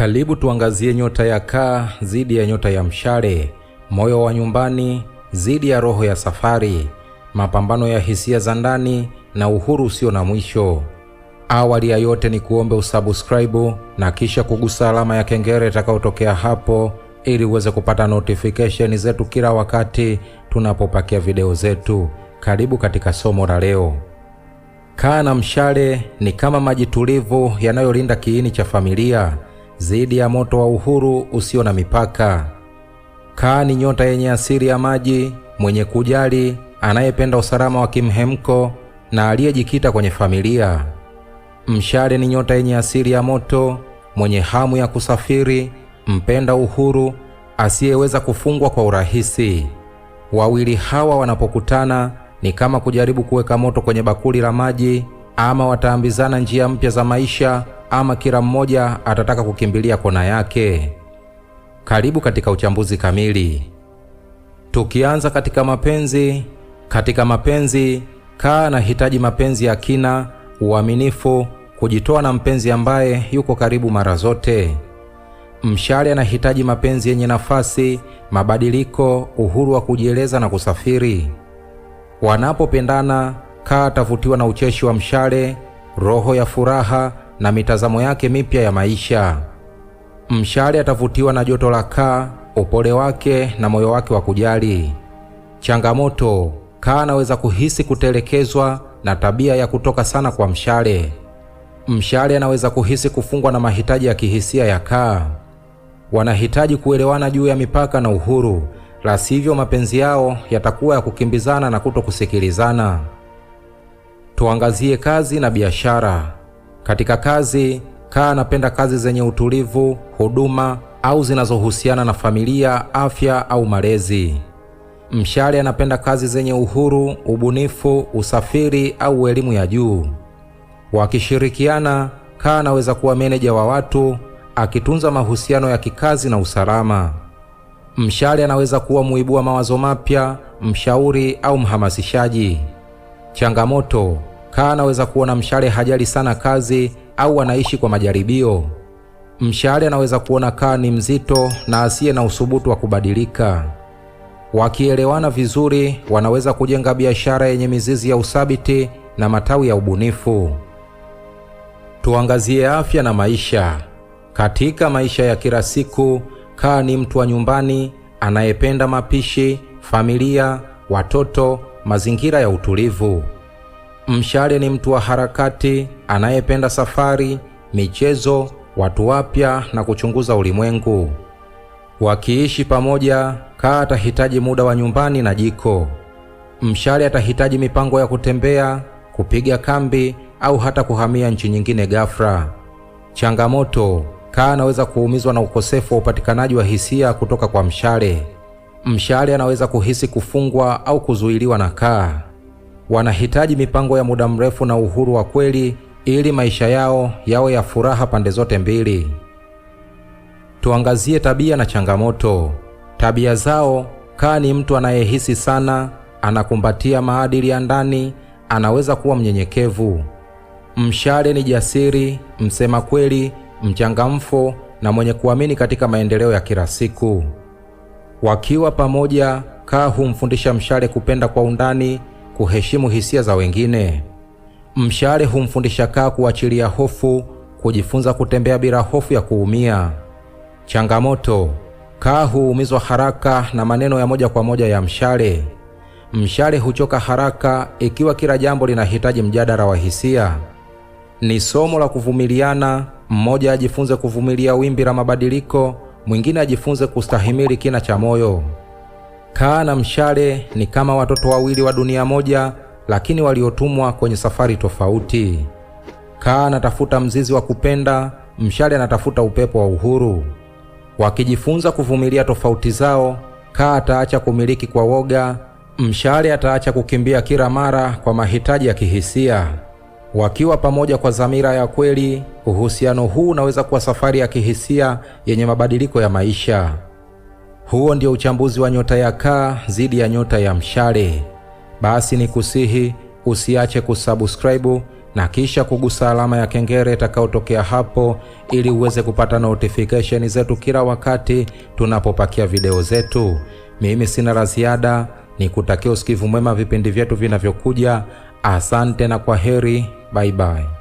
Karibu tuangazie nyota ya kaa zidi ya nyota ya mshale, moyo wa nyumbani zidi ya roho ya safari, mapambano ya hisia za ndani na uhuru usio na mwisho. Awali ya yote ni kuombe usubscribe na kisha kugusa alama ya kengele itakayotokea hapo ili uweze kupata notification zetu kila wakati tunapopakia video zetu. Karibu katika somo la leo. Kaa na mshale ni kama maji tulivu yanayolinda kiini cha familia dhidi ya moto wa uhuru usio na mipaka. Kaa ni nyota yenye asili ya maji, mwenye kujali, anayependa usalama wa kimhemko na aliyejikita kwenye familia. Mshale ni nyota yenye asili ya moto, mwenye hamu ya kusafiri, mpenda uhuru, asiyeweza kufungwa kwa urahisi. Wawili hawa wanapokutana ni kama kujaribu kuweka moto kwenye bakuli la maji, ama wataambizana njia mpya za maisha ama kila mmoja atataka kukimbilia kona yake? Karibu katika uchambuzi kamili. Tukianza katika mapenzi, katika mapenzi kaa anahitaji mapenzi ya kina, uaminifu, kujitoa na mpenzi ambaye yuko karibu mara zote. Mshale anahitaji mapenzi yenye nafasi, mabadiliko, uhuru wa kujieleza na kusafiri. Wanapopendana, kaa atavutiwa na ucheshi wa mshale, roho ya furaha na mitazamo yake mipya ya maisha. Mshale atavutiwa na joto la Kaa, upole wake na moyo wake wa kujali. Changamoto: Kaa anaweza kuhisi kutelekezwa na tabia ya kutoka sana kwa Mshale. Mshale anaweza kuhisi kufungwa na mahitaji ya kihisia ya Kaa. Wanahitaji kuelewana juu ya mipaka na uhuru, la sivyo mapenzi yao yatakuwa ya kukimbizana na kutokusikilizana Tuangazie kazi na biashara. Katika kazi, kaa anapenda kazi zenye utulivu, huduma au zinazohusiana na familia, afya au malezi. Mshale anapenda kazi zenye uhuru, ubunifu, usafiri au elimu ya juu. Wakishirikiana, kaa anaweza kuwa meneja wa watu, akitunza mahusiano ya kikazi na usalama. Mshale anaweza kuwa muibua mawazo mapya, mshauri au mhamasishaji. Changamoto: Kaa anaweza kuona Mshale hajali sana kazi au anaishi kwa majaribio. Mshale anaweza kuona Kaa ni mzito na asiye na usubutu wa kubadilika. Wakielewana vizuri, wanaweza kujenga biashara yenye mizizi ya uthabiti na matawi ya ubunifu. Tuangazie afya na maisha. Katika maisha ya kila siku, Kaa ni mtu wa nyumbani anayependa mapishi, familia, watoto, mazingira ya utulivu. Mshale ni mtu wa harakati anayependa safari, michezo, watu wapya na kuchunguza ulimwengu. Wakiishi pamoja, Kaa atahitaji muda wa nyumbani na jiko. Mshale atahitaji mipango ya kutembea, kupiga kambi au hata kuhamia nchi nyingine ghafla. Changamoto: Kaa anaweza kuumizwa na ukosefu wa upatikanaji wa hisia kutoka kwa Mshale. Mshale anaweza kuhisi kufungwa au kuzuiliwa na Kaa wanahitaji mipango ya muda mrefu na uhuru wa kweli ili maisha yao yawe ya furaha pande zote mbili. Tuangazie tabia na changamoto. Tabia zao, Kaa ni mtu anayehisi sana, anakumbatia maadili ya ndani, anaweza kuwa mnyenyekevu. Mshale ni jasiri, msema kweli, mchangamfu na mwenye kuamini katika maendeleo ya kila siku. Wakiwa pamoja, Kaa humfundisha Mshale kupenda kwa undani kuheshimu hisia za wengine. Mshale humfundisha kaa kuachilia hofu, kujifunza kutembea bila hofu ya kuumia. Changamoto: kaa huumizwa haraka na maneno ya moja kwa moja ya mshale. Mshale huchoka haraka ikiwa kila jambo linahitaji mjadala wa hisia. Ni somo la kuvumiliana: mmoja ajifunze kuvumilia wimbi la mabadiliko, mwingine ajifunze kustahimili kina cha moyo. Kaa na mshale ni kama watoto wawili wa dunia moja, lakini waliotumwa kwenye safari tofauti. Kaa anatafuta mzizi wa kupenda, mshale anatafuta upepo wa uhuru. Wakijifunza kuvumilia tofauti zao, Kaa ataacha kumiliki kwa woga, mshale ataacha kukimbia kila mara kwa mahitaji ya kihisia. Wakiwa pamoja kwa dhamira ya kweli, uhusiano huu unaweza kuwa safari ya kihisia yenye mabadiliko ya maisha. Huo ndio uchambuzi wa nyota ya kaa dhidi ya nyota ya mshale. Basi ni kusihi usiache kusubscribe na kisha kugusa alama ya kengele itakayotokea hapo, ili uweze kupata notification zetu kila wakati tunapopakia video zetu. Mimi sina la ziada, nikutakia usikivu mwema vipindi vyetu vinavyokuja. Asante na kwa heri, bye bye.